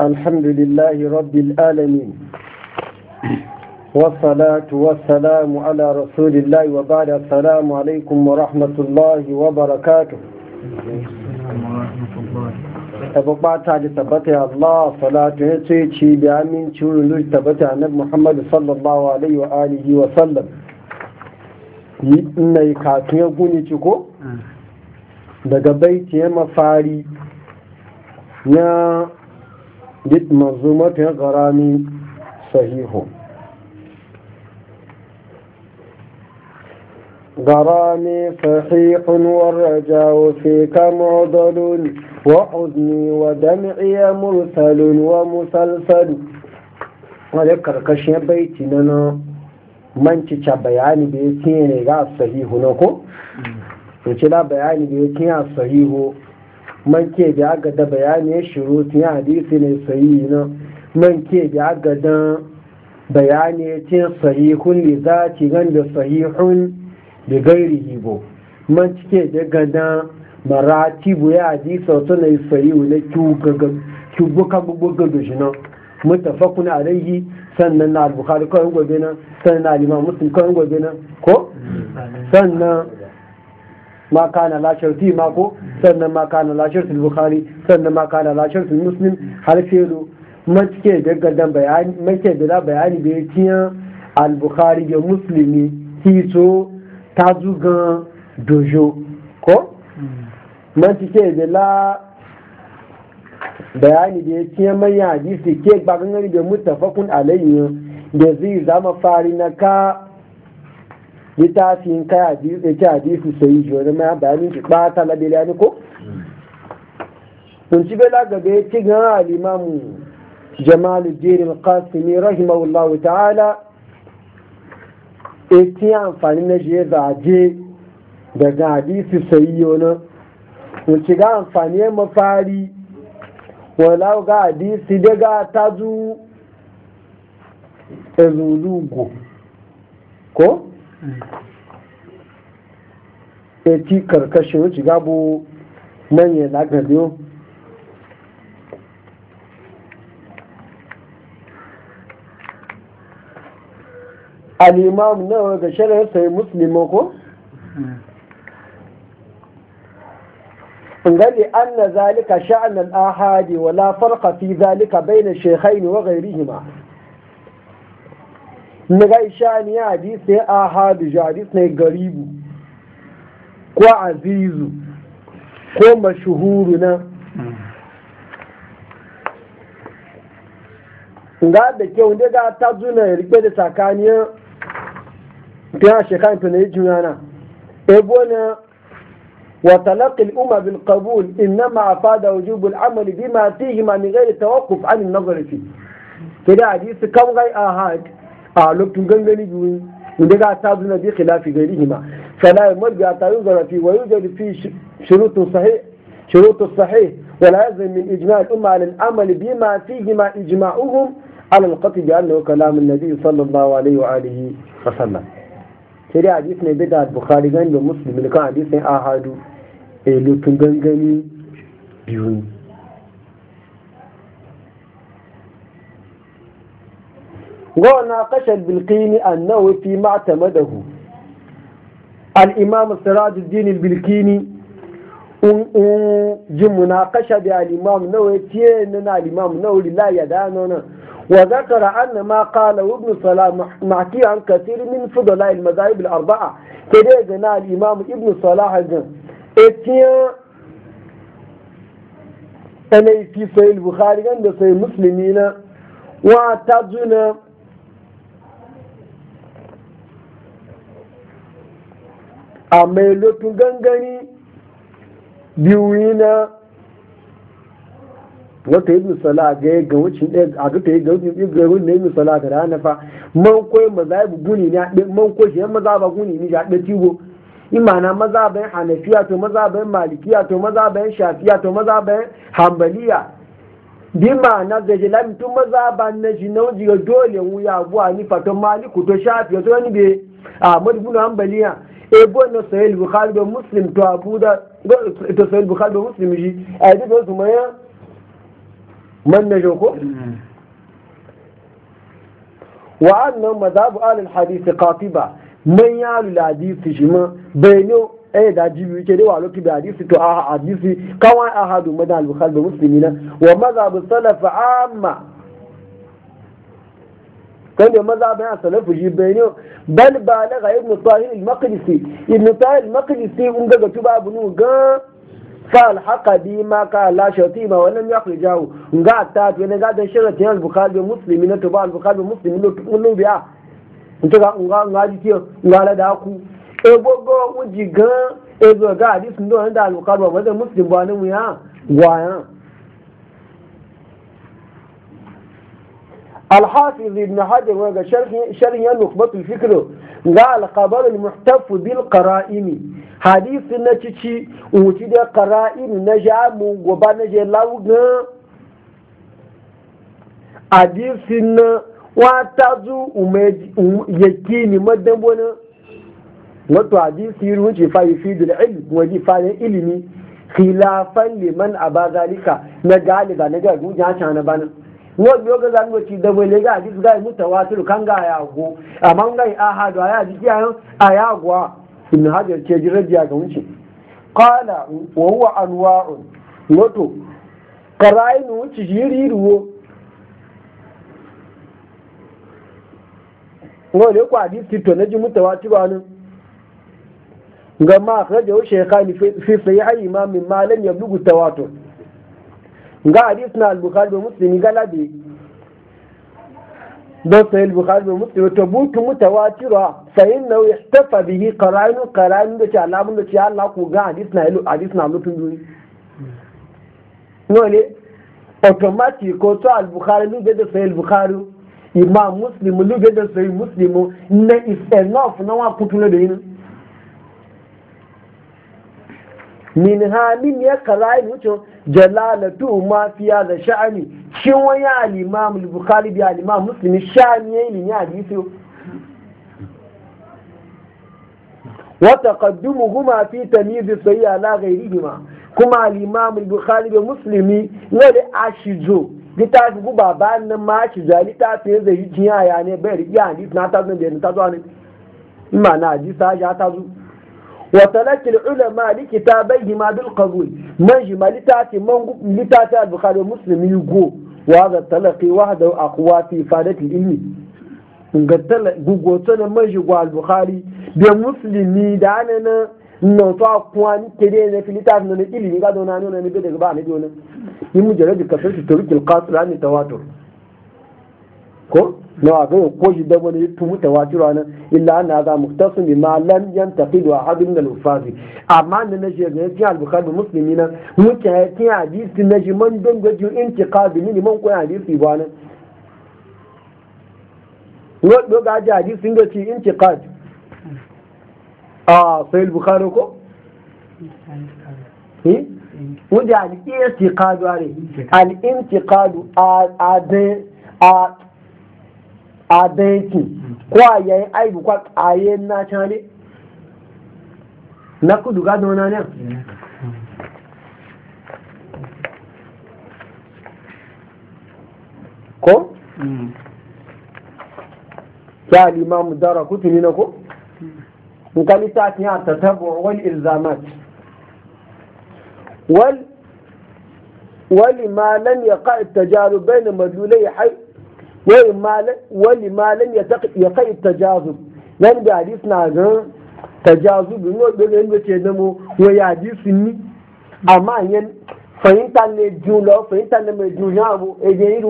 الحمد لله رب العالمين والصلاة والسلام على رسول الله وبعد السلام عليكم ورحمة الله وبركاته tabbat ta ji tabbata ya Allah salatu ya ce ci bi amin ciwon lul tabbata annabi Muhammadu sallallahu alaihi wa alihi wa sallam yi ina ya guni ci ko daga baiti ya mafari ya duk manzumatun ƙarami sahihu غرامي صحيح والرجاء فيك معضل وحزني ودمعي مرسل ومسلسل wadda karkashin baiti na na mancica bayani da ya tiye ne ga sahihu na ko? Mm. to da bayani da ya tiye a sahihu man ke da aga da bayanin shirutun hadisi ne sayi na man ke da aga da bayani ce sahihun li zati gan da sahihun bi gairihi bo man cike da gada maratibu ya hadisa to ne sahihu ne kubuka gugugu da shi nan mutafakun alaihi sannan na al-bukhari kawai gobe nan sannan na al-imam muslim kawai gobe nan ko mm. sannan ma kana la sharti ma ko sannan ma kana la sharti bukhari sannan ma kana la sharti muslim har felu mace daga dan bayani mace da bayani da tiya al bukhari da muslimi hito ta dojo ko mace da la bayani da tiya manya hadisi ke gbagan da mutafakun alayhi da zai zama fari na ka littafin kai hadisi yake hadisi sai ji wani ma bayanin ki bata la bilani ko sun ci bela gabe ci ga al-imam Jamaluddin al rahimahullahu ta'ala eti amfani na je zaje daga hadisi sai yana sun ci ga amfani mafari wala ga hadisi daga tazu ezulugo ko ya ci karkashin wuce gabo manyan lagabiyo al'imam na ga shari'ar sai musulmi ko? gani an na zalika sha'anar ahadi wala farka fi zalika bai na shekhaini wa gairihima na ga isha ni ya hadi a hadu ji hadi sai garibu ko azizu ko mashuhuru na ga da ke wunde ga ta zuna ya rikpe da takaniya ta yana shekaru tunu ya ji umar bin kabul ina ma a fada wajen bul amalibi ma fi yi ma ni gari tawakuf amin na gari fi ta da hadisi kan gai a haɗi a lokacin gangani biyu inda ga ta zuna bi khilafi gari hima fala ya marga ta yi zarafi wa yi zarafi shirutun sahih shirutun sahi wala ya zai min ijma'a al'umma alal amali bi ma fi hima ijma'uhum alal qatl bi annahu kalamun nabi sallallahu alaihi wa alihi wa sallam sai dai hadisi ne bida bukhari gani da muslim kan hadisi ahadu a eh, lokacin biyu gona kashar bilkini annahu fi ma'tamadahu al-imam sirajuddin al-bilkini ji munakasha da al-imam nawawi tiye na al-imam nawawi la ya dano nan wa zakara anna ma qala ibn salah ma'ti an kathir min fudala al-madahib arbaa kede ga na al-imam ibn salah ga etiye ana fi sahih bukhari gan da musulmi na. wa ta tajuna a mai lotun gangani biyu na wata yi misala ga ga wucin ɗaya a ta yi ga wucin ga wucin yi misala ta rana fa man koyi mazaibu guni ne a ɗin man koyi shi maza ba guni ne a ɗin tigo imana maza bayan hanafiya to maza bayan malikiya to maza bayan shafiya to maza bayan hambaliya bi ma'ana da jilami tun maza ba na shi na wajen dole wuya buwa ni fatan maliku to shafiya to wani bai a madubuna hambaliya ebo eh, na sahih bukhari da muslim to abu da to sahih bukhari da muslim ji a eh, yi da su maya man na joko wa annan mazhabu alal hadith qatiba man ya lul hadith shi ma bayno eh da jibi ke wa walo ki da hadith to a hadith kawai ahadu madan al bukhari da muslimina wa mazhabu salaf amma wanda maza bayan salafu shi bayan bal ba na ga ibn tahir al-maqdisi ibn tahir al-maqdisi un ga gatu babu nu ga fa al-haqa bi ma ka la shati ma wannan ya khrijahu ga ta to ne ga dan shirati al-bukhari muslimi na to ba al-bukhari muslimi no biya to ga nga nga ji ti nga la da ku e gogo uji ga e zo ga hadis ndo da al-bukhari ba da muslim ba ne mu ya ya. الحافظ ابن حجر وقال شرح شرح نخبة الفكر قال الخبر المحتف بالقرائم حديث نتشي وتدى قرائم نجا وبا نجا لوغا حديث واتازو يكيني مدن بنا wato hadisi yi wuce fa yi فاي da ilmi waje fayin ilimi khilafan liman a ba zalika na galiba na gaggun ya cana wọ́n bí ó gẹ́gẹ́ ní oṣù ìdẹ́gbẹ̀ ilé yáà jí ṣùgbọ́n ìmú tẹ̀wá tí lùkán gá àyàgò àmọ́ ń gá jí rẹ̀ di inú ṣì yí rí ìrùwò wọ́n lè na ji tò ní ní gama akhrajahu shaykhani fi sahihi imam malik tawatur nga hadis na al-bukhari da gala galabi don sai al-bukhari wa muslim to butu mutawatira fa inna yahtafa bihi qara'in qara'in da ce alamun da ce Allah ku ga hadis na hadis na lutun duni no ne automatic ko to al-bukhari ne da sai al-bukhari imam muslim lu da sai muslim na is enough na wa kutu da yin min ha min ya karai mutum jalalatu ma fiya da sha'ani shin wani al-imam al-bukhari bi al-imam muslim sha'ani yayin ne hadisi wa taqaddumuhuma fi tamyiz as-sayyi ala ghayrihima kuma al-imam al-bukhari bi ne wani ashijo litafi ku baba nan ma ta fi zai yi jiya ya ne bai riya hadisi na tazo da ta zo ne ma na hadisi ta zo وتلك العلماء لكتابيهما بالقبول من جمع لتاتي من لتاتي البخاري ومسلم يقول وهذا التلقي وحده أقوى في إفادة العلم gugotonin man shigo al-bukhari da musulmi da anana na to akwa ni kede ne filita na ilimi ga dona ne ne daga ba ne dona ni mujarrad kasar turkil qasr an tawatur ko na wa gani ko shi dabo ne tu muta wa tiro nan illa anna za muktasim bima lam yantaqid wa ahad min al-hufaz amma ne na shi ga yakin al-bukhari muslimina muke yakin hadisi na shi man don gaji intiqad min man ko hadisi ba nan wadda ga ji hadisin da ci intiqad a sai al-bukhari ko wadda al-intiqad al-intiqad a a a danki ko a yayin aibu kwa ƙayen na na kudu gado wani ne ko? ya limamu dara kutuni na ko? nkali ta fi ta tattabu wani ilzamat wani ma lam ya ƙa'id tajaru bai na madulai wani malam ya kai tajazub nan da hadis na gan tajazub in wani ɗoga yadda ce zamo wani hadisun ni amma yan fahimta ne jula fahimta ne mai juna abu e yi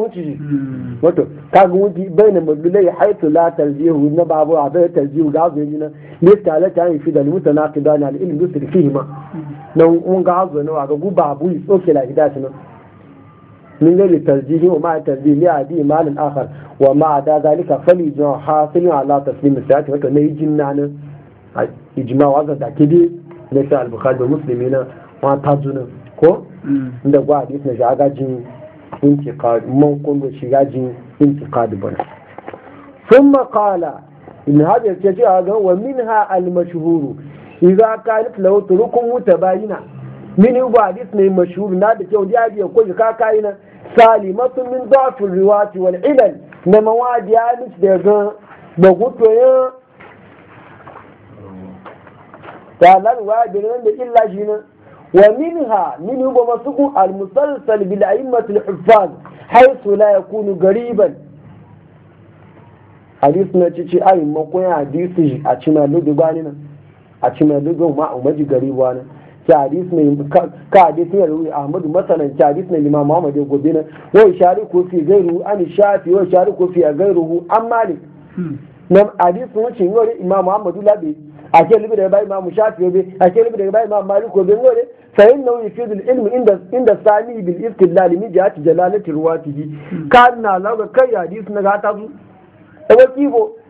da hmm. kaga na madulai haitu la tarjihu na babu a bai tarjihu ga azu yana ne tare na na من غير تسجيل ومع التسجيل يأتي مال آخر ومع ذلك فليجن حاصل على تسليم الساعات وكأن يجمعنا إجماع هذا تأكيد نساء البخاري والمسلمين وانتظرنا كو عند قاعد يسمى جين انتقاد من ممكن جين انتقاد بنا ثم قال إن هذا الشيء ومنها المشهور إذا كانت له تركم متباينة من yi ba hadis ne mashhur na da kyau ya biya salimatun min da'ful riwati wal ilal na mawadi ya mis da ga da gutu ya ta lan da nan da illa shi ne wa minha min huwa masuku al musalsal bil a'immatil huffaz haythu la yakunu gariban Hadisu na cici ayin makon hadisu a cima lugu bani nan a cima lugu ma umaji gariba nan ki hadis mai ka hadis ne ruwi ahmadu masalan ki ne imam muhammad ya gobe na wa shari ko fi gairu an shafi wa shari ko fi gairu an malik hmm. nam hadis mun shi ngore imam muhammadu labi ake libi da bai imam shafi be ake libi da bai imam malik ko be ngore fa inna yufidu al-ilm inda inda sami bil istidlal min jihati jalalati ruwatihi hmm. kana lawa kai hadis na gata su e wa kibo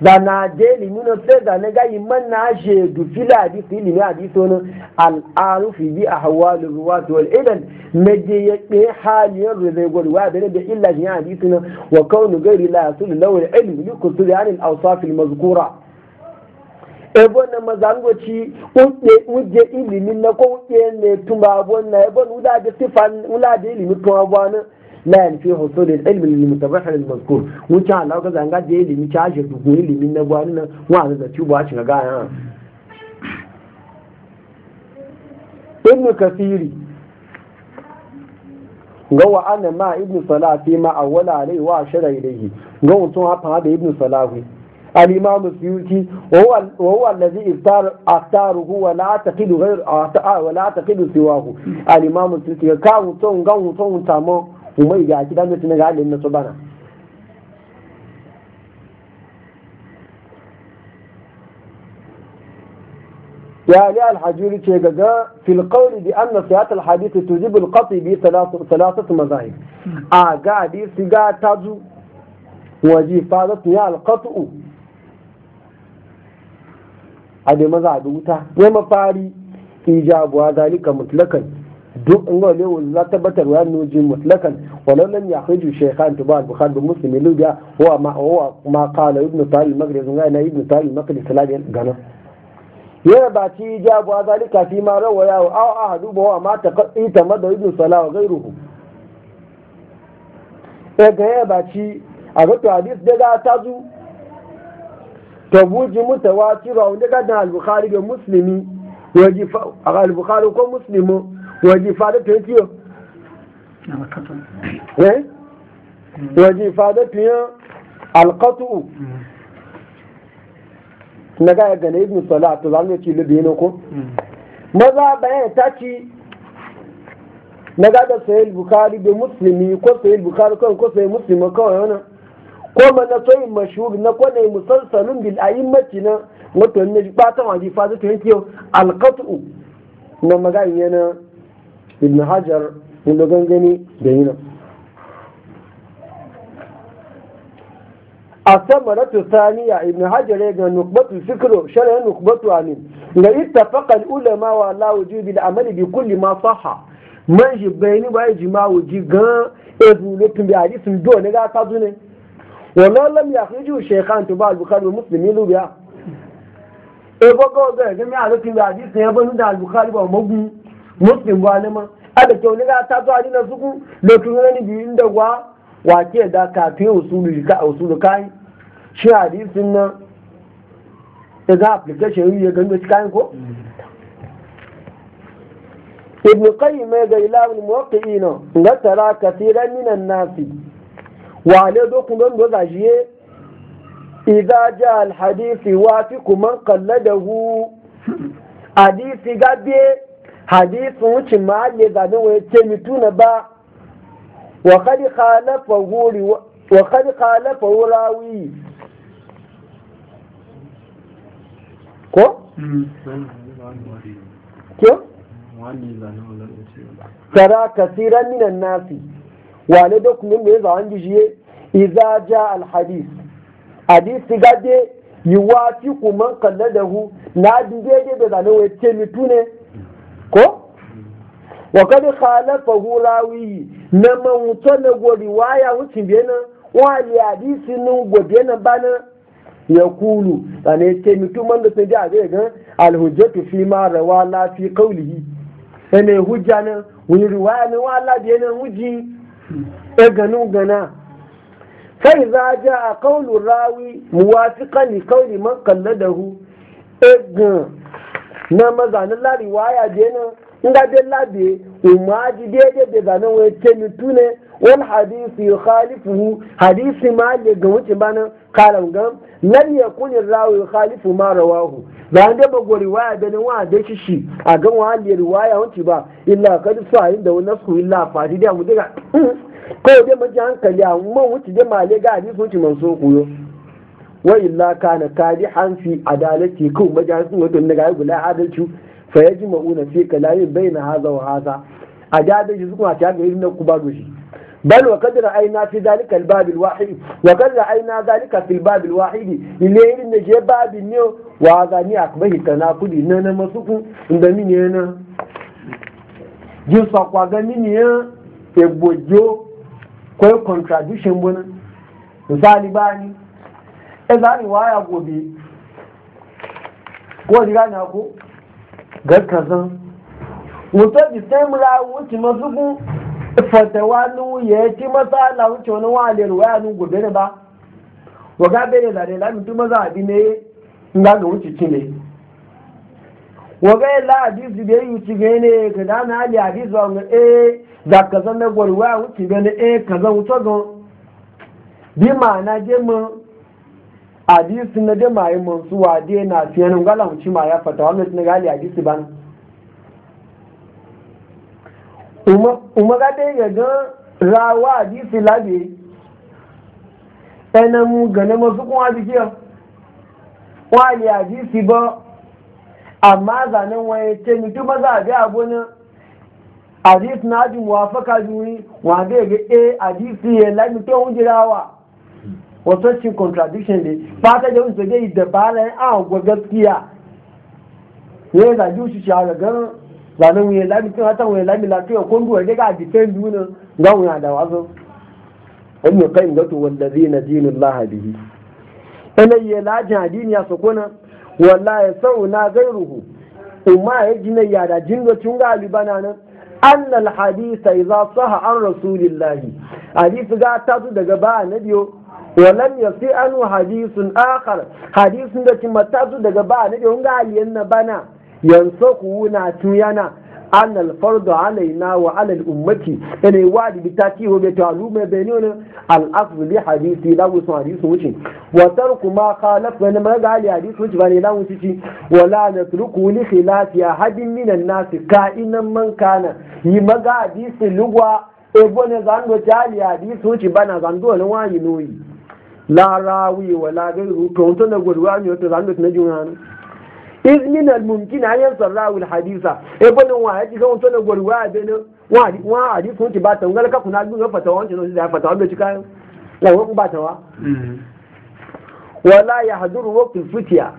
da na je limino sai da na gayi man na je du fila di fili ne adi sono al arufi bi ahwal ruwat wal idan meje ya be haliyar da zai go ruwa da be illa ne adi sono wa kaunu gairi la yasul law al ilm kuntu yani al awsaf al mazkura ebo na mazangoci unke uje ilimi na ko unke ne tumba abon na ebo ulaje tifan de ilimi tumba abon la yanfi husul al da ilimi ta je duku na gwani nan wa da tuba a shiga ga yana ibn kasiri wa ma fi ma awwala wa ashara da السيوطي الذي اختار غير ولا سواه السيوطي كان تون تون fumai ga aki dan mutum ga halin nasu bana ya ali alhajuri ce gaga fil qawli ya anna sihat alhadith tujib alqati bi thalath thalath mazahib a ga di siga tazu waji fadat ya alqatu ade mazhabi wuta yema fari ijabu wa zalika mutlakan duk in ga lewu za tabbatar wa nujin mutlakan walau lam yakhriju shaykhan tuba al-bukhari da muslim ilu biya huwa ma huwa ma qala ibn tari maghrib ga na ibn tari maghrib salabi gana yana ba ci jabu zalika fi ma rawaya wa aw ahadu wa ma taqi tamadu ibn salah wa ghayruhu eh ga ya ba ci a ga to hadis daga tazu tabuji mutawatira wanda ga da al-bukhari da muslimi waji al-bukhari ko muslimu waje fada fiye kiyo waje fada fiye alkatu na gaya gane ibn salah to zamu ci libi ne ko maza bayan ta ci na gada sayil bukari da Musulmi ko sayil bukari kan ko sayil Musulmi kawai wani, ko mana soyi mashhur na ko ne musalsalun bil a'immati na wato ne ba ta waje fada to yake alqatu na magana yana ibn hajar wanda gangani da yi A sama na saniya ibn hajar ya ga nukbatu Sikiro, sharayen nukbatu amin ga ittafaqal ulama wa la wujubi al amali bi kulli ma faha. man shi bayani ba ijma wuji ga ezu lutun bi hadisin do ne ga ta zune wannan lam yakhriju shaykhan tuba ba bukhari wa muslim ilu biya e bogo ga ga mi a lutun bi hadisin ya banu da al bukhari ba magun muslim ma a da kyau a ta zuwa dina suku lokacin wani biyun da gwa ke da kafin usulu ka usulu kai shi hadisin nan ta za a application yi ya gano kayan ko ibn qayyim ga ilahul muwaqqi'in ga tara katiran minan nasi wa le do don da jiye idza ja al hadith wa fi man qalladahu hadisi gabe hadisin wuce ma ne zaɓe wani ce mituna ba wa kari khalafa wurawi ko? ko? tara tsira minan nasi wale da kuma mai zawon gishiye iza ja alhadis hadisi gaje yi wafi kuma kalladahu na daidai da zanen wai ce mitu ne ko mm. wa kad khalafahu rawi na mawuto na gori waya wucin bena wali hadisi nu go bena bana yaqulu ane ce mutumin da sai da ga al hujjatu fi ma rawa la fi qawlihi ene hujja na wani riwaya ne wala yana wuji e ganu gana sai za ja a kaulun rawi muwafiƙan ni kauli man kalladahu egan na maza lari waya je na nga de labe umaji daidai da zanen wani temitu tune wani hadisi ya khalifu hadisi ma le ga wuce bana kalam gam lam yakun rawi khalifu ma rawahu zan da ba gori waya da nan wa da shi a gan wa le riwaya wuce ba illa ka kad sa'in da wani su illa fadi da mu daga ko dai maji hankali a mu wuce da male ga hadisi wuce man so koyo wa illa na kadihan fi adalati ko majalisun wato daga ya gula adalci fa yajma'una fi kalamin baina hadha wa hadha adalci su kuma ta ga irin ku ba doshi بل وقد رأينا في ذلك الباب الواحد وقد رأينا ذلك في الباب الواحد اللي إن جاء باب النيو وعذاني أكبه التناقض إننا مسوك عند من هنا جنسا قواغا من هنا يبوجو كوي contradiction بنا مثالي باني e ni waya gobe ko ji gani ko garkazan mutum di sai wuce masu ku fatawa nu ya ci masa na wuce wani wale ruwaya nu gobe ne ba waga bere da lela mutum maza abi ne nga ga wuce ci ne waga la hadisi da yi ci ga ne ga da na ali hadisi ba mu eh da kazan na gwarwa wuce ga ne eh kazan wuce ga bi ma na je mu hadisi na da mai mansu wa dai na fiyanin galamci ma ya fata wannan na gali hadisi ban umaga dai ga ga rawa hadisi labe ɗanan gane masu kuma jikiyar wani hadisi ba amma zanen waye ce mutum ba za a bi abunan hadisi na ji muwafaka juni wanda ya ga a eh, hadisi ya lami ta hunjirawa wasu cin contradiction ne fata da wuce zai da bayan a gwa gaskiya ne da jushi shi a ragar zanen wuye lami tun hatan wuye lami lafiya kun duwa daga a jikin duniya ga wuya da wazo wani kai gato wanda zai na dinin lahabihi yi lajin adini ya sukuna walla ya sau na zai ruhu umma ya gina yada gali bana nan annal za su ha an rasulillahi hadisu ga ta daga ba na ولم ya fi حديث hadisun akhar hadisun da cin matatu daga ba na da hunga aliyan na bana yanzu ku na tuyana an alfardu alaina wa ala ummati ene wadi bitati ho be talu وترك ما خالف asl li hadisi حديث wusun hadisi wuce wa ولا نترك لخلاف wa ma الناس كائنا من كان bane حديث لغوا ebo ne bana zan do wani noyi larawi wa lagari to wanto na gurwa ne wata zamu na juna ne iz min al mumkin an yasrawu al hadisa e bane wa haji ga wanto na gurwa be ne wa hadi wa hadi kun ti ba ta ngal ka kuna gun fata wanto no da fata wanda cika la wa ba ta wa wala yahduru waqtul fitya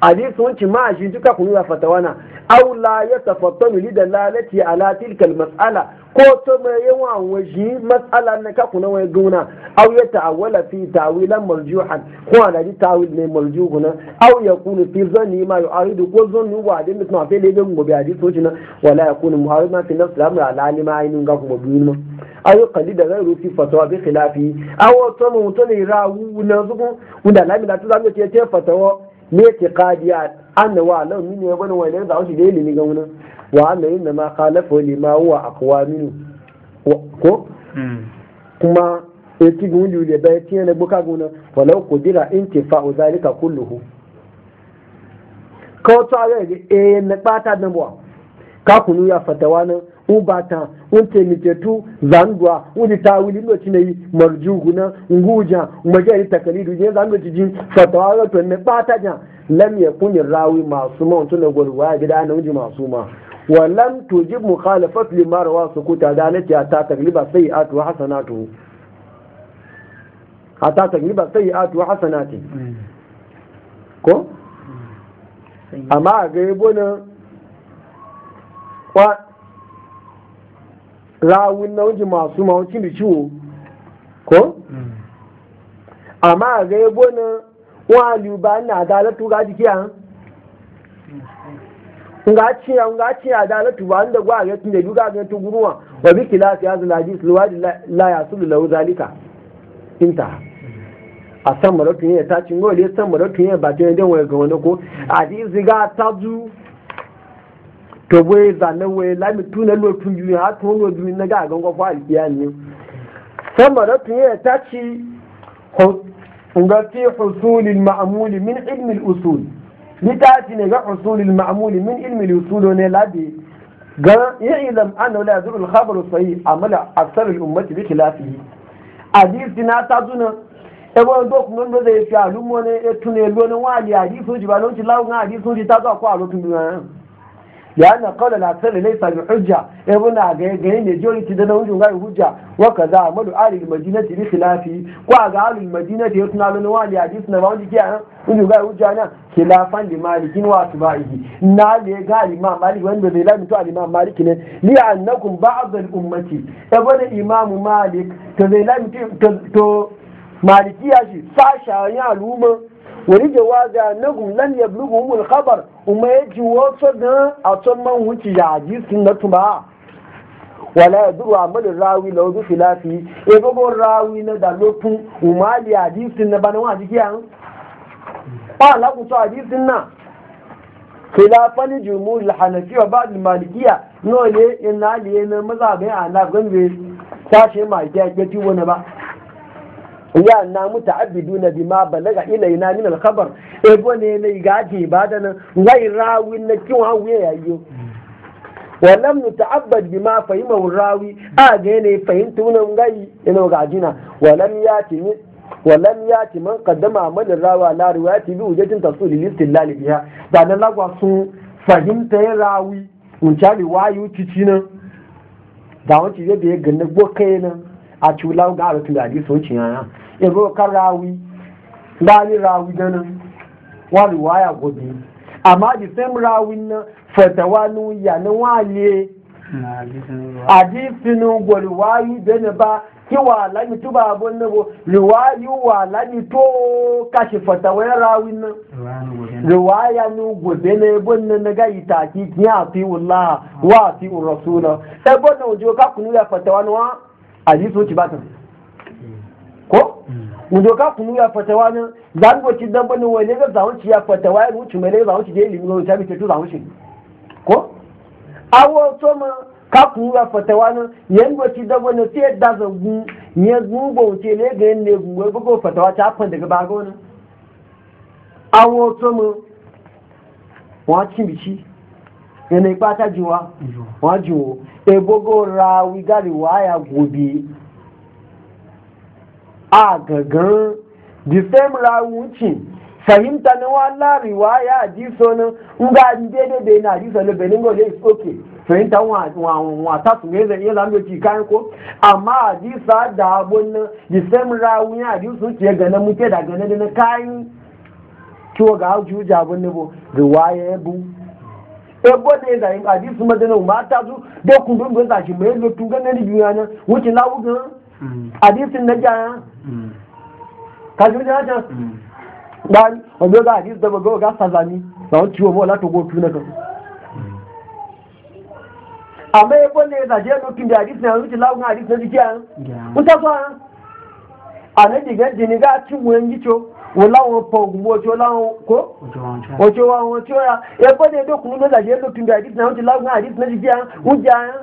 hadisi wancin ma shi duka kun ya fata wana aw la yatafattamu li dalalati ala tilka al mas'ala ko to me yawan waji mas'ala ne ka kuna wai guna aw ya ta'awwala fi tawilan marjuhan ko ana ji tawil ne marjuhu na aw yakunu fi zanni ma yu'aridu ko zanni wa da mutum afi le gan gobe hadisi to na wala yakunu muharima fi nafsi al-amr ala alima ga kuma biyu ma aw qali da ghayru fi fatawa bi khilafi aw to mu to ne rawu na zugun wanda lamila to zamu ce ce fatawa ne tiqadiyat annawa law min ya bani wani da shi da ilimi ga wannan wa anna inna ma khalafa lima huwa aqwa minhu kuma eti gundu da bai tiye na buka guna walau kudira intifa'u zalika kulluhu kawo to aga ga eh na bata na buwa ka kunu ya fatawa nan ubata un temitetu zandwa uli tawili ndo chine marjugu na nguja majali takalidu je zandwa jin fatawa ga to ne bata jan lam yakun rawi masuma to ne gorwa gida na unji masuma wa lam tujib mukhalafat lima rawa sukuta dalati ta takliba sayi'atu wa hasanatu hatta ta ba sai ya tuwa hasanati ko amma a ga yabo na kwa rawun na wajen masu mawucin da ciwo ko amma a ga yabo na wa liuba na adalatu ga jiki an nga ciya nga ciya adalatu ba inda gwa ga tunde duga ga tuguruwa wa bi kilasi hazal hadis luwadi la yasul lahu zalika intaha a san maratun yin ta cin gole san maratun yin bakin yadda wani ga wani ko a di ziga ta zu to bai zane wai lami tunan lotun biyu ha tun lotun na ga gangon fa alkiya ne san maratun yin ta ci ga fi husulil ma'amuli min ilmin usul ni ta ci ne ga husulil ma'amuli min ilmin usul ne labi ga ya'ilam annahu la yazul khabaru sahih amala asar al ummati bi khilafihi hadisi na ta zuna ẹgbọ́n tó kún ló fi àlúmọ́ ní ẹtún èlú ní wọ́n àlè àdífún jùlọ ló ń ti láwọn àdífún ti tátọ̀ kọ́ àlókùn mi ya yàrá sẹ́lẹ̀ lé ìsàmì ọjà ẹbú náà gẹ̀ẹ́gẹ́ ní ẹjọ́ yìí ti oúnjẹ nǹkan ìhújà wọ́n kàn dá àmọ́dù àrìlì mọ̀jínà ti rí kìláàfì kó àgá àrìlì mọ̀jínà ti tún alónú malikiya shi sashen al'umma wani jawazi annahum ya bugu al khabar umma yaji wasu da a tun man wuce ya ji sun na tuba wala ya a amal rawi na bi filafi ya gogon rawi na da lotun umali sun na bana wani kiya ba su a ji sun na khilafan jumhur al wa ba'd malikiya nole ina in na ne mazabai ana ganbe sashe ma ya ji wani ba ya na abidu na bima balaga ilaina min al-khabar e bone ne gaji bada wai rawi na kin hawe yayyo walam muta'abbad bima fahimahu rawi a ga ne fahimtu na ngai ina gajina walam yati walam yati man qaddama amalin rawa la riwayati bi wujatin tasuli listilal biha da na lagwa sun fahimta ya rawi mun ta cici na, da wanci da ya ganna gbokai kai nan a culawo ga arutun da hadisi wucin yana ego kan rawi bani rawi dana wani waya gobe amma di same rawi na fatawa nu ya na waye adisinu gwari wayi dana ba ki wa lami tuba ne abun nabo riwayi wa lami to kashi fatawa ya rawi na riwaya nu gobe na ebon na na ga itaki ki ki a fi wallaha wa fi rasula ebon na ojo ka kunu ya fatawa na wa adisu ba ta. ko mudo mm. ka kunu ya fatawa wani, za go ci dan bane wai ne ga zawon ci ya fatawa ya ruci mai ne zawon ci je limi ga ta bi to zawon ci ko awo to ma ka kunu ya fatawa wani, yan go ci dan bane sai da za zagu ne gubo ce ne ga ne gubo bugo fatawa ta fan daga bago ne awo to ma wa ci bici yana ipata jiwa wa jiwo ebogo rawi gari wa ya gobe a gagan the same rawuci fahimta na wala riwaya a jiso nan in ga daidai da yana jiso na benin go is okay fahimta wa ta su ne zai iya zamuci kayan ko amma a jisa da abun nan the same rawuya a jiso ke gane muke da gane da na kayan kiwo ga hauju jabun ne bo riwaya ya bu ebo ne da yin a jiso madana ma ta su dokun don gwanza shi mai lotu ganin juya nan wuce lawu gan hadisin na jaya kajin jaya ta ɗari wanda ga hadis da bago ga sazani na wani ciwo mola ta gotu na kasu amma ya kwanne ya zaje lokacin da hadis na yanzu ci hadis na jikiya wuta zuwa a na jini ga cin wuyan gicho wọláwọn pọ ògùn bó ọjọ́ láwọn kó ọjọ́ wọn tí ó yà ẹgbọ́n ní ẹgbẹ́ òkùnrin ló làjẹ́ lókùnrin àdìsí náà ó ti lágùn àdìsí náà ti jẹ́ oúnjẹ àárín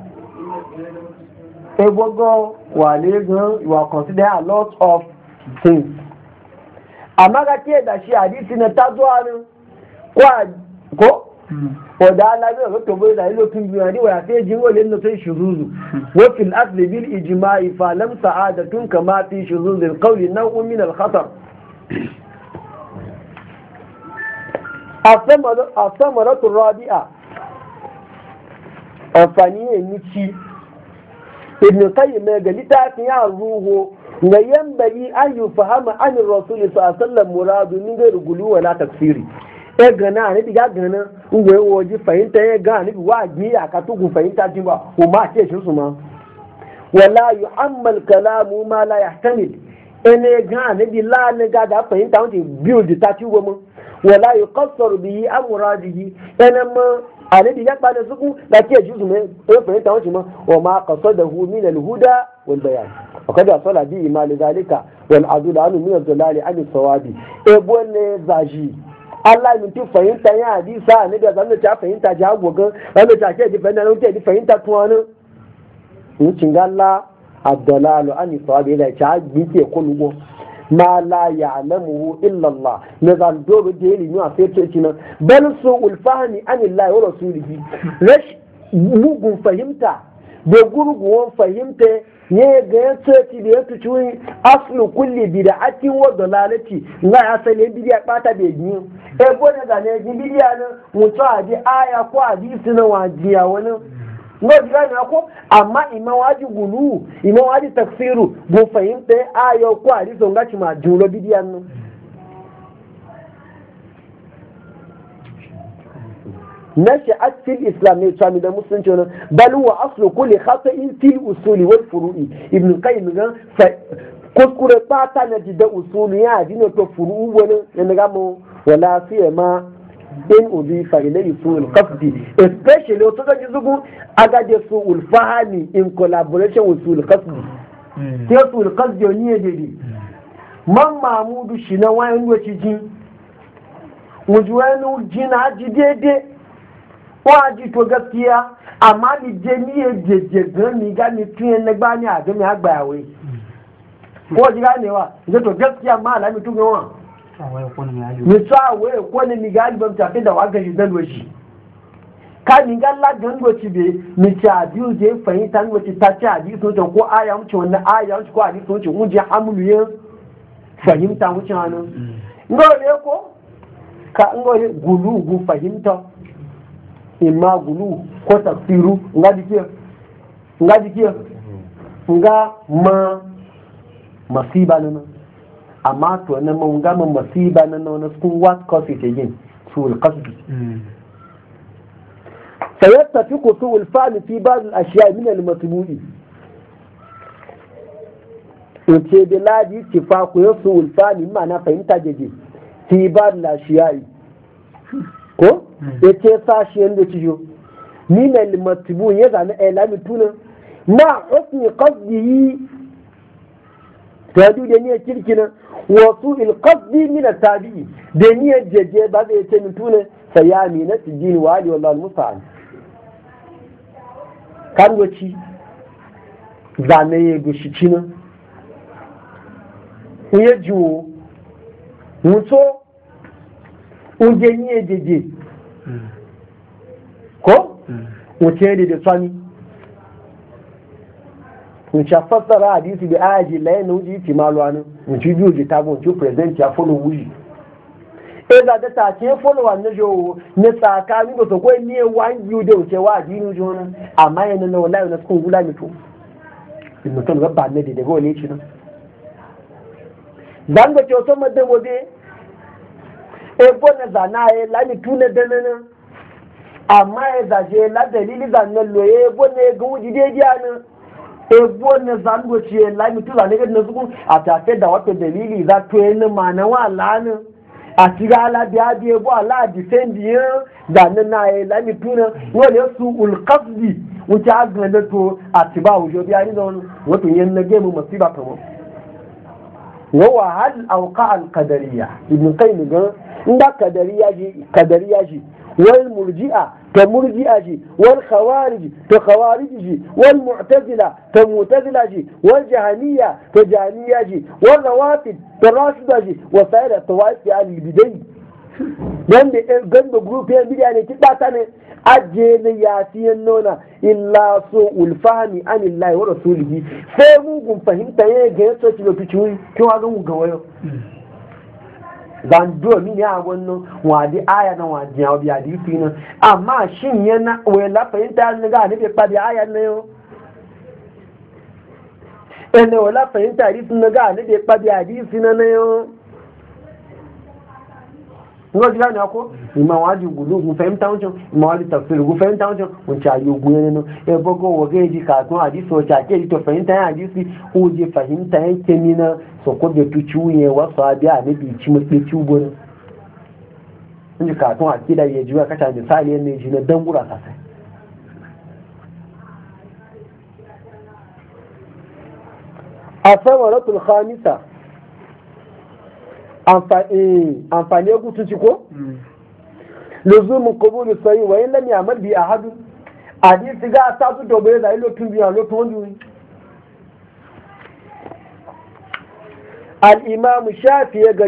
ebogo wale gan you are a lot of things amma ga ke da shi hadisi na tazuwa ne ko wadda Allah bai wato bai da lokacin duniya ne wa sai jin wani na sai shuzuzu wa fil asli bil ijma'i kama fi shuzuzu al qawli naw'un min al rabi'a afani ne ci ibn qayyim ga littafin ya ruhu ga yambayi an yi fahama an rasuli sa sallan muradu min gairu gulu wala tafsiri e gana ne diga gana ngwe woji fahimta ya e ga ne wa gi aka ka tugu fahimta din ba ko ma ce shi su ma wala yuhammal kalamu ma la yahtamil ene ga ne bi la ne ga da fahimta wanda build ta ci goma wala yuqassaru bihi amradihi ene ma annabi ya bada zuku da ke juzu ne ko fahimta wancin ma wa ma qasadahu min huda wal bayan wa kada sala bi imal zalika wal adul anu min al-dalali sawabi e bonne zaji Allah min ti fahimta ya hadisa da zan ta fahimta ji hagogan zan ta ke ji fahimta ne ji fahimta tuwanu mucin galla abdalalu an sawabi da ta bi ke kulugo ma la ya illa Allah ne zan doro da ilimi a sai e ce nan bal su ulfahani anillahi wa rasulihi rash mugun fahimta da gurguwan fahimta ne ga ya ci e da ya tuci aslu kulli bid'ati wa dalalati na asali bid'a bata be ni e bo ne da ne bid'a ne mutu adi aya ko hadisi na wajiya wani ngo jirani yako amma ima waji gulu ima waji tafsiru go fahimta ayo ko hadiso ngachi ma julo bidiyan no nashi fil islam ne tsami da musulunci wani bal wa aslu kulli khata'in fil usuli wal furu'i ibn qayyim ga kuskure fata na jida usuli ya dina to furu'u wani ne ga mu wala fiye ma in udifa ilayhi su'ul qasdi especially wato da zugu aga de su'ul fahami in collaboration with su'ul qasdi ke hmm. su'ul qasdi ya dede hmm. man mamudu shi na wayan wace jin wujuwanu jina ji dede wa ji to gaskiya amma ni je ni e jeje gan ni ga ni tun na gba ni a ga mi agba yawe ko ne wa je to gaskiya ma alami tun wa mutu awo ekwo ne miga alibam tafi da wa gaji dan washi ka miga ladan wace be mici adiyu je fahimta wace ta ce adiyu sun ce ko aya wuce wani aya wuce ko adiyu sun ce mun je hamulu yin fahimta wuce hannu mm. ngore ko ka ngore gulu gu fahimta imma gulu ko tafsiru nga nga nga ma masiba nana amma to na mun gama masiba na na sun what cause it again su alqasd hmm. sayattafiqu su alfa'l fi ba'd al ashiya min al-matbu'i in ce da ladi tifaku ya su ulfani ma'ana fahimta jeje fi ba'd al ashiya ko ya hmm. ce sashi yadda cijo ni na limatibu ya zane a ilami tuna na husni qasdihi ta dudu ne kirkina wasu ilkasdi mina tabi'i da niyyar jeje ba zai ce mutu ne sai ya amina su jini wa ali wallahu musta'an kan goci zane ya goshi cina ya jiwo mutu unje niyyar jeje hmm. ko hmm. mutu ya da sani nca fassara hadisi bi aji layin na wuji ti malu anu nci biyu ji tagun ci present ya folo wuji e da da ta ce folo wa na jowo na tsaka ni ba so ko ni e wan biyu da wuce wa ji ni jona amma yana na wallahi na kun gula mi to in mutum ga ba ne da gole ci na zan ga ce so madan wobe e bona zana e lani tuna danana amma e zaje la dalili zan nan loye bona ga wuji dai diana ebo ne zango ci ya lami tu la gadi ne sukun a fe da wata delili za to yi na mana wa ne a tira ala eh, e bi biya bo ala a e da ne na ya lai tu ne wo le su ulkasdi wuce agan da to a ti ba wujo biya ni zaune wato yin na gemu masiba wo wa hal ka al kadariya ibn ni ga eh, nda kadariya ji kadariya ji wal murji'a تمرجي أجي والخوارج تخوارج أجي والمعتزلة تمعتزلة أجي والجهنية تجهنية أجي والروافد تراشد أجي وسائر الطوائف في آل البداية wanda ganda group ya ne kiɗa ta ne aje na yafiyan nona illa so ulfahami an illahi wa rasulihi sai mugun fahimta ya ga yato da wa ga mu zando mi ne a wannan wadi aya na wadi ya biya difi na amma shin yana wela fahimta ne ga ne ba da aya ne yo ene wela fahimta difi na ga ne ba da difi na ne yo wọ́n ti láàrin akọ́ ìmọ̀wádìí gùlùgùn fẹ́mítà ń tún ìmọ̀wádìí tàfẹ́lù gùn fẹ́mítà ń tún òǹtí ayé ogun ẹni nù ẹ̀bọ́gọ́ wọ̀gẹ́ èdè kàtún àdìsí ọ̀tí àti èdè tó fẹ́mítà yẹn àdìsí oje fẹ́mítà yẹn kẹ́mi náà sọ̀kọ́ bẹ̀ tó tiwú yẹn wá sọ abẹ́ àmẹ́bí ìtìmọ̀pẹ́ tiwú bọ́ náà. ń jẹ kàtún àti ìdá yẹn jùlọ kàtà ní sáàlì ẹni jìnnà Eh, amfani ya gutu ci ko? Hmm. luzumin da sayi wa yin lami amal bi a hadu a ne su ga sa su dobe da ilo tun biya lo lokacin wani wuri imam shafi ya ga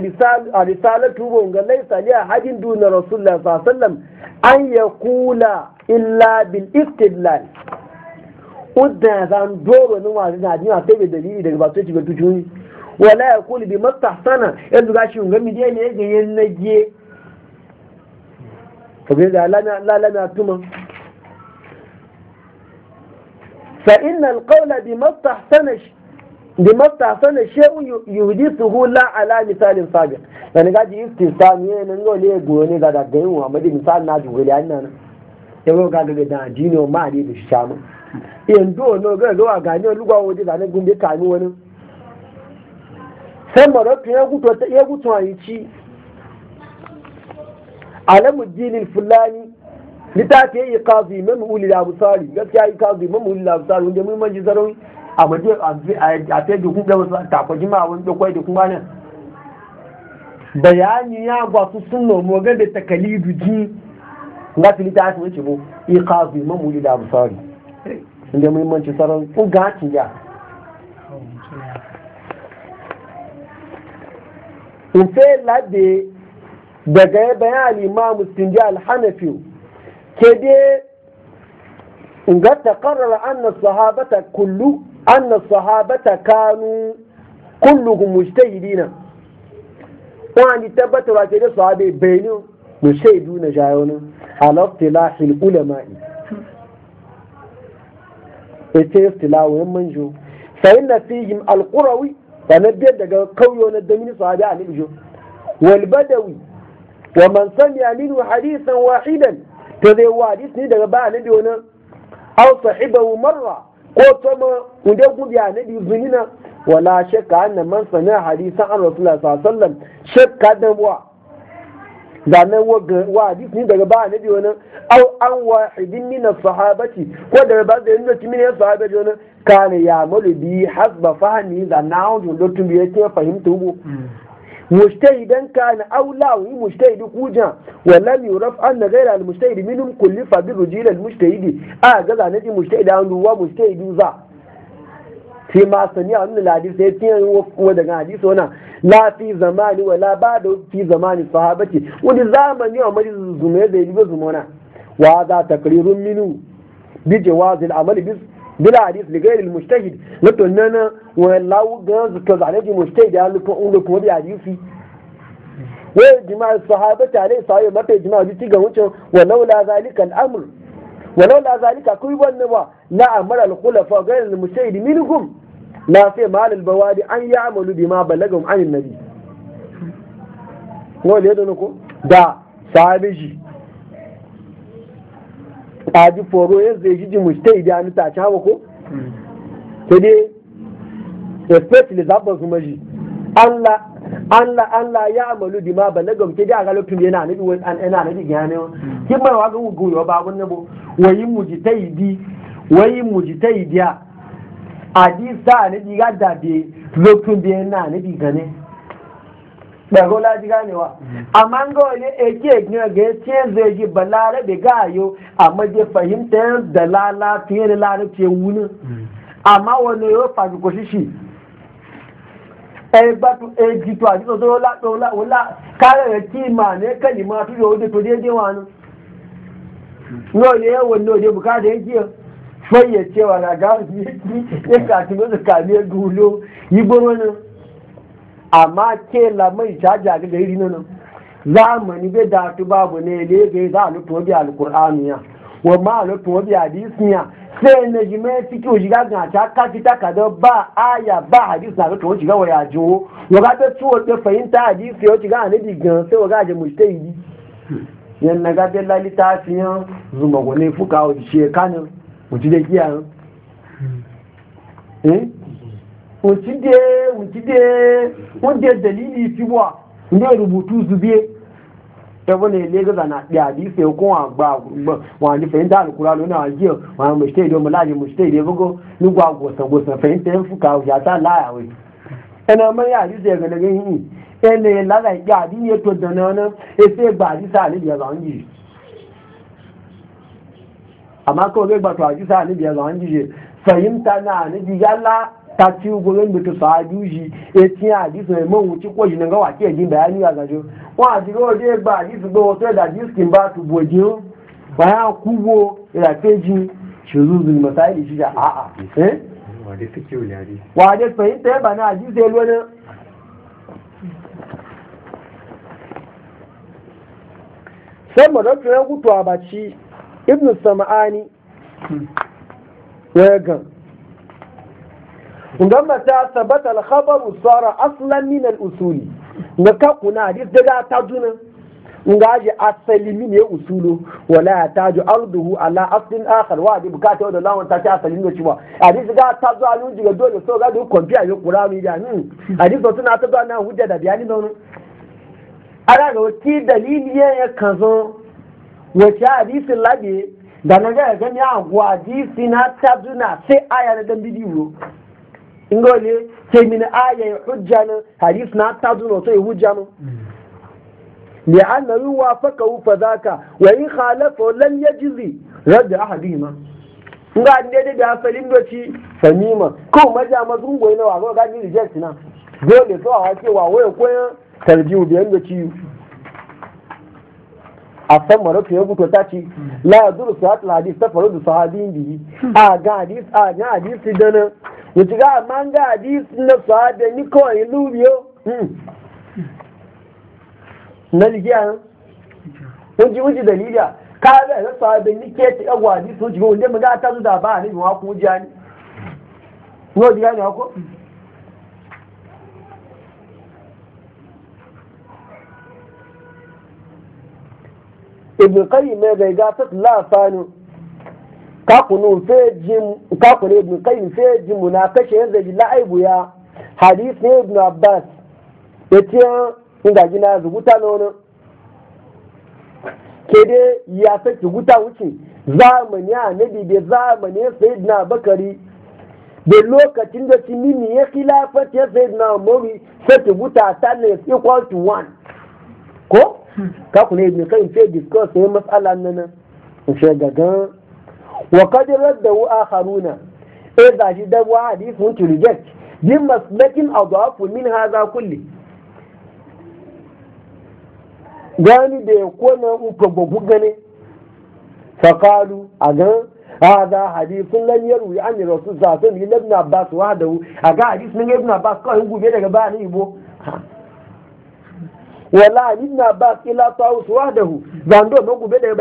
risalatu ba ga laisa ne a hadin duna rasulullah sallam an ya kula illa bil istidlal udda zan doro nuna wa na ji da tebe dalili daga ba su ci ga tucuni wala ya kuli bi mastahsana yanzu gashi ga mi dai ne ga yin naje to ga lana lana tuma fa inna qawla bi mastahsana bi mastahsana shay'u yuhdithuhu la ala misalin sabiq dan gaji istisani ne go le go ne ga da gayin wa madi misal na an nan yau ga ga da dino ma dai da shi samu yanzu no ga ga ga ne lugwa wodi da ne gumbe kanu wani samara tun ya gutu a yi ci jinin fulani littafi ya yi kazu imam uli da abusari gaskiya yi kazi imam uli da abusari wanda mun manji zarawi a maji a ta da da wasu takwaji ma wani dokwai da kuma nan bayani ya gwasu sun nomo ga da takalidu ji na fi littafi wace bo yi kazi imam wuli da abusari wanda mun manji zarawi ko ya ufe labe daga ya bayan alimamu sinji alhanafi ke dai ga takarrara anna sahabata kullu anna sahabata kanu kulluhum mujtahidina wani tabbatar wa ke da sahabe bayani mujtahidu na jayonu ala tilahil ulama'i ita yi tilawoyin manjo fa inna fihim alqurawi Sannan biyar daga kauyo na damini sahabi a nijo wal badawi wa man sami'a minhu hadisan wahidan Ta zai wa hadis ni daga ba nabi wani aw sahibahu marra ko to ma kunde gubi a nabi zunina wala shakka anna man sami'a hadisan an rasulullah sallallahu alaihi wasallam shakka da wa zanen wa hadisi ne daga ba nabi wani au an wahidin nina sahabati ko daga ba da yanzu kimin ya sahabati wani kana ya malu bi hasba fahmi na an jun lotun bi yake fahimta hu مجتهدا كان او لا za. shi ma sani a wani hadisi sai tiyan wa daga hadisi wana la fi zamani wa la ba da fi zamani sahabati wani zamani a mari zume zai yi ba zumona wa za takrirun minu bi jawazil amali bi bila hadis li ghairi mustahid na tunana wa law ga zane ji mustahid ya lufa unga kuma bi hadisi wa jima'a sahabati alai sahabi mata jima'a ji ga wucin wa laula zalika al-amr ولولا ذلك wannan بنوا لا أمر الخلفاء غير المجتهد منهم na sai malul bawadi an yi amalu bi ma balagum anin nabi wani yadda nuku da sahabi shi a ji foro ya zai ji jimu ta da ni ta cha ko ta dai especially zaɓar su maji Allah Allah Allah ya amalu bi ma balagum ke da galopin yana nabi wani an ina nabi gane wa kin ba wa ga gugu ba wannan bo wayin mujtahidi wayin mujtahidiya àdìsá níbi gádàbí lókùn bí ẹ̀nà níbi gani pẹ̀lú láti gánewa àmá ń gọ́ ilé èkí ẹ̀gbìn ọ̀gẹ́ tí ẹ̀ yìí bàlá rẹ̀ bí gáàyò fahimta ẹ̀ dàlálá tí ẹ̀ lára ti wú ní àmá wọn ni yóò fàṣùkò ṣíṣì ẹgbàtú èjìtò àdìsọ tó lá kárẹ̀ rẹ̀ tí mà ní kẹ́lì máa tó yọ ó dé wọn faye cewa na gawon yaki ya kasu masu kame gulo yi goro amma ke lamai caja ga nan zamani bai datu babu ne za a lutuwa bi alkur'ani ya wa ma a lutuwa bi sai na ji mai ciki o shiga gan ta kafi ta kada ba aya ba hadisi na lutuwa shiga wa ya jiwo wa ga ta ciwo ta fahimta hadisi ya shiga anabi gan sai wa ga je mujtahidi yan na ga dalla litafiyan zuma gune fuka o shekanin òtídé kí à ń òtídé òtídé dalili fi wà ní rubutu zubie ẹwọ́n ní ilé gẹ́gẹ́ na pé àdífẹ́ okun àgbà wọn àdífẹ́ ń dáàlù kúrò lónà àjí wọn àwọn mùsùlùmí ìdí ọmọ láàrin mùsùlùmí ìdí ẹgbẹ́gbọ́ nígbà gbọ̀sàngbọ̀sàn fẹ́ ń tẹ́ ń fúkà òjò àtà ẹnà ọmọ yẹn àdífẹ́ ẹgbẹ̀lẹ́gbẹ̀ yìí ẹnà lára ìgbà àdíyẹ tó dáná náà ẹsẹ̀ gbà àdífẹ́ àlejò amma kawai zai batu hadisa ni biya zaman jije fahimta na ni jiyalla ta ci gurin mutu sa'adu shi ya e ci hadisa mai man wuce ko shi ga waki yin bayani a gajo wọn a jiro wajen gba hadisa ba wato e da diskin ba tu bojin bayan kubo ya feji shi zuzun masaili shi da a'a eh? wade fahimta ya bana hadisa ya lona sai mu rantsa ya gutu a baci ibn sam'ani waya gan ngan mata sabata al-khabaru sara aslan min al-usuli ga ka kuna hadis daga ta juna nga ji asali min ya usulu wala ya taju arduhu ala aslin akhar wa di bukata da lawan ta ta asali ne cewa hadis ga ta zo alu ji ga dole so ga du kompiya yo qur'ani da ni hmm. hadis to tana ta zo na hujja da bayani nono ara ga wati dalili ya kan zo wace hadisin labe da na gaya gani a guwa hadisi na tabzuna sai aya na dan bidiyo in ga wale sai mini aya ya hujja na hadisi na tabzuna sai hujja na لأن يوافقه فذاك ya خالفه لن a رد In ga ne da da asalin doci samima ko maja mazun goyi na wago ga ni reject na dole to a wace wa waye koyan tarjiu biyan doci a san marautu ya ta ce la zuru su hatul hadis ta faru da sahabin a ga hadis a ga hadis da nan ga amma ga hadis na sahabin na ligiya ka ga na sahabin ni ke hadis ga wunde mu ga ta ibn qayyim mai bai ga ta lafani kakunu fe jin kakunu ibn qayyim fe jin kashe yanzu ji la'aibu ya hadith ne ibn abbas yace inda gina zubuta nono dai ya sake guta wuce zamani nabi da zamani sayyidina bakari da lokacin da ci mini ya khilafat ya sayyidina umari saki wuta ta ne equal to one ko kakun ne ibn kai ce discuss sai mas'ala nan da gaga wa qad raddahu akharuna eh da shi da wa hadith mun to reject bi maslakin adafu min hadha kulli gani da ya kona uka babu gane faqalu a gan هذا حديث لن يروي عن الرسول wa الله ibn abbas wa عباس وحده أجا حديث ibn abbas عباس قال daga بيدك ni wala ni na ba kila ta uswadahu zando no gube da